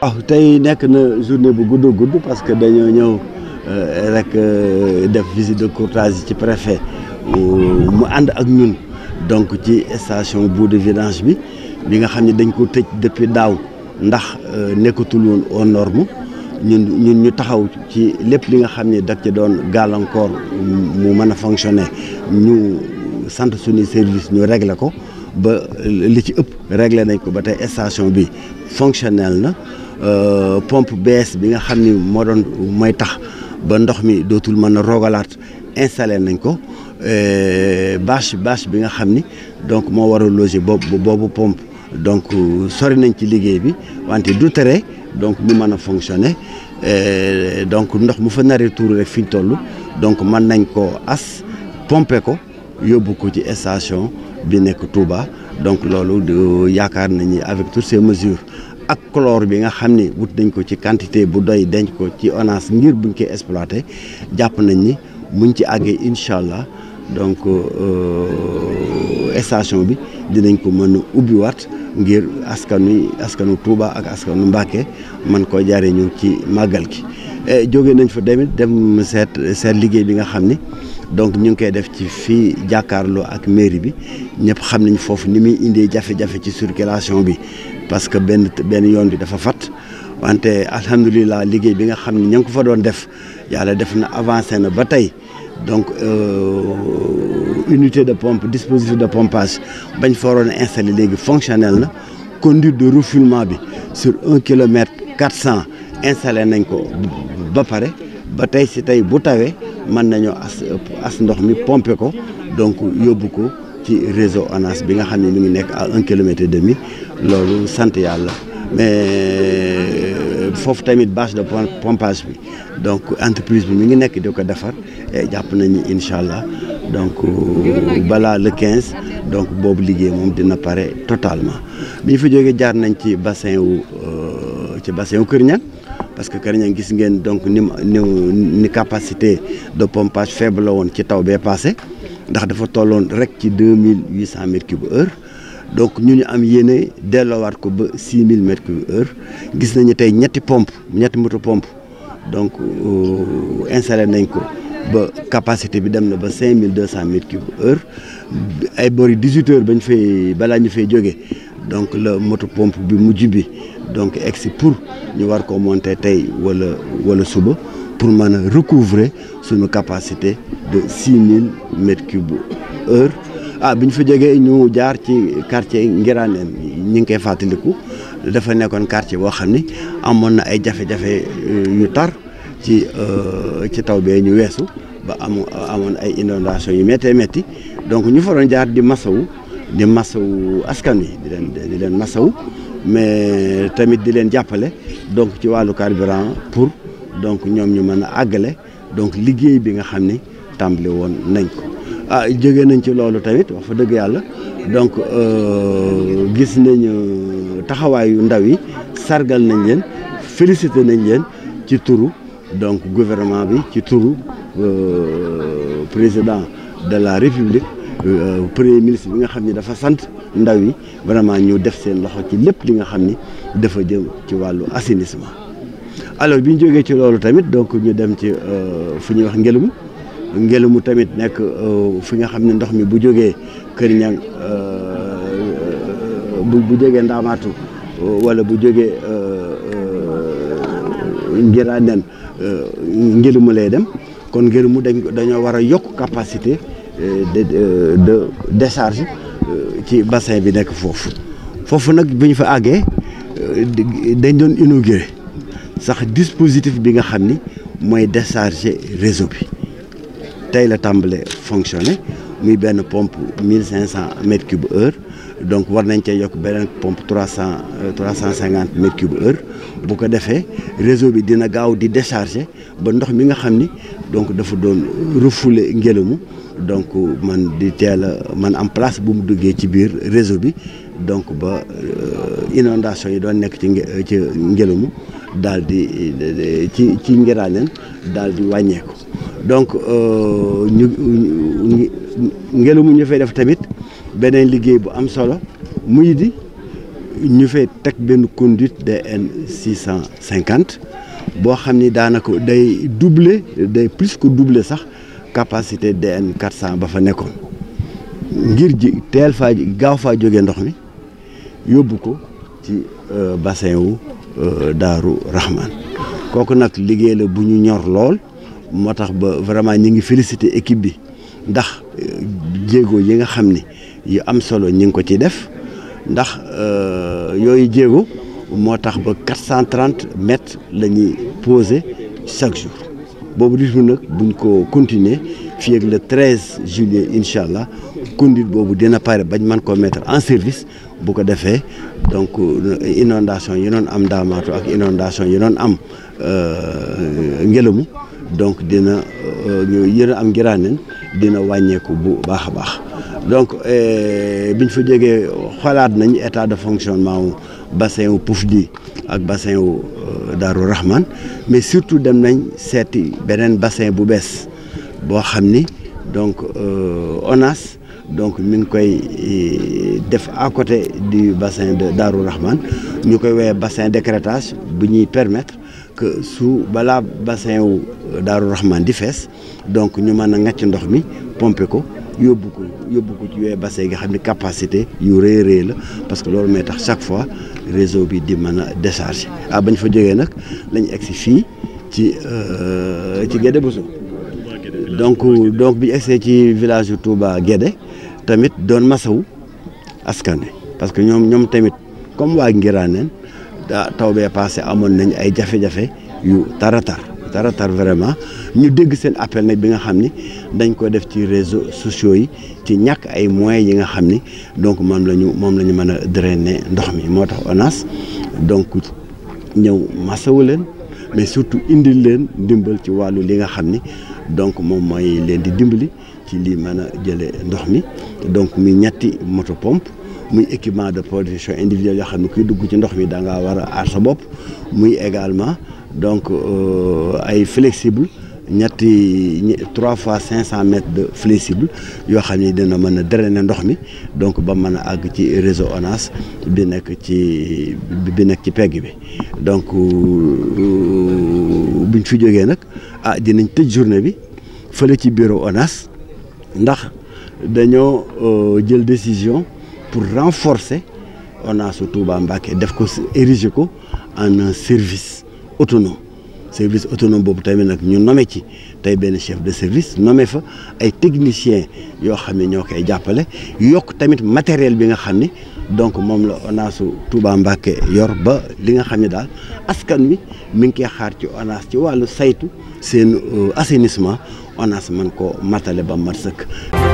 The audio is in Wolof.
waaw oh, tey nekk na journée bu gudd gudd parce que dañoo ñëw euh, rek euh, def visite de courtoisie ci préfet mu ànd ak ñun donc ci station bout de vidange bi bi nga xam ne dañ ko tëj depuis daaw ndax euh, nekkatul woon aux ñun ñun ñu taxaw ci lépp li nga xam ni dak ci doon gàllankoor mu mën a fonctionner ñu sant suñuy service ñu régle ko ba li ci ëpp réglé nañ ko ba tey station bi fonctionnel na Euh, pompe bees bi nga xam ni moo doon mooy tax ba ndox mi dootul mën a roogalaat installé nañ ko euh, bâche bâche bi nga xam ni donc moo war a loger boobu boobu pompe donc sori nañ ci liggéey bi wante du tere donc mu mën a fonctionner euh, donc ndox mu fa naree tuuru fi ñu toll donc mën nañ ko as pompe ko yóbbu ko ci station bi nekk Touba donc loolu yaakaar nañu avec toutes ces mesures ak koloor bi nga xam ni wut nañ ko ci quantité bu doy dañ ko ci ONAS ngir buñ koy exploité jàpp nañ ni buñ ci àggee incha allah donc euh, station bi dinañ ko mën a ubbiwaat ngir askanu askanu Touba ak askanu Mbacke man koo jaaree jariñu ci màggal gi eh, jóge nañ fa tamit dem seet seet liggéey bi nga xam ni donc ñu ngi koy def ci fii jàkkaarloo ak mairie bi ñëpp xam nañ foofu ni muy indee jafe-jafe ci circulation bi parce que benn benn yoon bi dafa fat wante alhamdulilah liggéey bi nga xam ne ña ngi ko fa doon def yàlla def na avancé na ba tey donc euh, unité de pompe dispositif de pompage bañ fa waroon a léegi fonctionnel na conduite de refoulement bi sur un kilomètre quatre cent installé nañ ko ba pare ba tey si tey bu tawee mën nañoo as as ndox mi pomper ko donc yóbbu ko ci réseau ONAS bi nga xam ne mu ngi nekk a un kilomètre de mi loolu sant yàlla mais euh, foofu tamit bâche de pompage bi donc entreprise bi mu ngi nekk di ko defar et jàpp nañu incha allah donc euh, balaa le 15 donc boobu liggéey moom dina pare totalement bi ñu fa jógee jaar nañ ci bassin wu euh, ci bassin wu Kër Niang parce que kër ngi gis ngeen donc ni ni capacité de pompage faible la woon ci taw bee passé ndax dafa tolloon rek ci deux mille huit cent mètres cube heure donc ñu ñu am yéene delloowaat ko ba six mille mètres cube heure gis nañu tey ñetti pompe ñetti moto pompe donc euh, installé nañ ko ba capacité bi dem na ba cinq mille deux cent mètres cube heure ay bori dix huit heures bañ balaa ñu fay jóge donc la moto pompe bi mujj bi donc egsi pour ñu war ko monter tey wala wala suba pour mën a recouvrer suñu capacité de six mille mètres cubes heure ah bi ñu fa jógee ñu jaar ci quartier Ngiraneen ñi ngi koy fàttaliku dafa nekkoon quartier boo xam ni amoon na ay jafe-jafe euh, yu tar ci euh, ci taw bee ñu weesu ba amu amoon ay inondation yu méttee métti donc ñu fa doon jaar di masawu di masawu askan wi di leen di leen masawu mais tamit di leen jàppale donc ci wàllu carburant pour donc ñoom ñu mën a àggale donc liggéey bi nga xam ni tàmbali woon nañ ko ah jóge nañ ci loolu tamit wax fa dëgg yàlla donc euh, gis nañ taxawaayu ndaw yi sargal nañ leen félicité nañ leen ci turu donc gouvernement bi ci turu euh, président de la république Euh, premier ministre bi nga xam ni dafa sant ndaw yi vraiment ñu def seen loxo ci lépp li nga xam ni dafa jëm ci wàllu assainissement. alors bi ñu jógee ci loolu tamit donc ñu dem ci euh, fu ñuy wax ngelum ngelum tamit nekk euh, fi nga xam ne ndox mi bu jógee Kër ñaŋ bu bu jógee Ndaamaatu wala bu jógee Ngiraan nen ngelumu lay dem kon ngelumu dañ dañoo war a yokk capacité. de de décharge euh, ci bassin bi nekk foofu foofu nag bi ñu fa àggee euh, dañ doon inauguré sax dispositif bi nga xam ni mooy décharger réseau bi tey la tàmbale fonctionner muy benn pompe mille cinq cent mètres cube heure donc war nañ cee yokk beneen pompe trois cent euh, trois cent cinquante mètres cube heure bu ko defee réseau bi dina gaaw di décharger ba ndox mi nga xam ni donc dafa doon refouler ngelamu donc man di teel a man am place bu mu duggee ci biir réseau bi donc ba euh, inondation yi doon nekk ci ci ngelamu daal di ci ci ngiraaneen daal di wàññeeku donc euh, ñu ngelamu ñu fay def tamit beneen liggéey bu am solo muy di ñu fay teg benn conduite DN 650 boo xam ni daanako day doubler day plus ko doubler sax capacité DN 400 ba fa nekkoon ngir ji teel faa gaaw faa jóge ndox mi yóbbu ko ci euh, bassin wu euh, Daaru Rahman kooku nag liggéey la bu ñu ñor lool moo tax ba vraiment ñi ngi félicité équipe bi ndax euh, jéego yi nga xam ni yu am solo ñi ngi ko ci def ndax euh, yooyu jéego moo tax ba 430 mètres la ñuy posé chaque jour boobu rythme nag buñ ko continuer fii ak le 13 juillet allah conduite boobu dina pare bañ man koo mettre en service bu ko defee donc euh, inondation yi am Ndaamaatu ak inondation yi doon am euh, Ngelamu donc dina ñu yër am ngiraaneen dina wàññeeku bu baax a baax donc euh, biñ fa jógee xoolaat nañ état de fonctionnement wu bassin wu Poufdi ak bassin wu euh, Darou Rahman mais surtout dem nañ seeti beneen bassin bu bees boo xam ni donc euh, ONAS donc mi ngi koy def à côté di bassin de Darou Rahman ñu koy woowee bassin d'écrêtage bu ñuy permettre que su balaa bassin wu euh, Daaru Rahman di fees donc ñu mën a ngàcc ndox mi pomper ko yóbbu ko yóbbu ko ci yooyu bassin yi nga xam ne capacité yu rëy rëy la parce que loolu mooy tax chaque fois réseau bi di mën a décharger ah bañ fa jógee nag lañ egsi fii ci euh, ci Guédé Bousso donc donc bi egsee ci village yu Touba Guédé tamit doon masawu askan wi parce que ñoom tamit comme waa Ngiraneen taw bee passé amoon nañ ay jafe-jafe yu taratar taratar vraiment ñu dégg seen appel nag bi nga xam ni dañ ko def ci réseaux sociaux yi ci ñàkk ay moyens yi nga xam ni donc moom la ñu moom la ñu mën a drainer ndox mi moo tax ONAS donc ñëw masawu leen mais surtout indil leen dimbal ci wàllu li nga xam ni donc moom mooy leen di dimbali ci li mën a jëlee ndox mi donc muy ñetti moto pompe muy équipement de protection individuelle yoo xam ne kuy dugg ci ndox mi da ngaa war a aar sa bopp muy également donc euh, ay flexible ñetti trois fois cinq cent mètres de flexible yoo xam ne dina mën a ne ndox mi donc ba mën a àgg ci réseau ONAS bi nekk ci bi nekk ci pegg bi donc euh, buñ fi jógee nag ah dinañ tëj journée bi fële ci bureau ONAS ndax dañoo euh, jël décision pour renforcer ONAS Touba Mbacké def ko érigé ko en un service autonome service autonome boobu tamit nag ñu nommé ci tey benn chef de service nommé fa ay techniciens yoo xam ne ñoo koy jàppale yokk tamit matériel bi nga xam ni donc moom la ONAS Touba Mbacké yor ba li nga xam ne daal askan wi mu ngi koy xaar ci ONAS ci wàllu saytu seen euh, assainissement ONAS man ko matale ba mu mat sëkk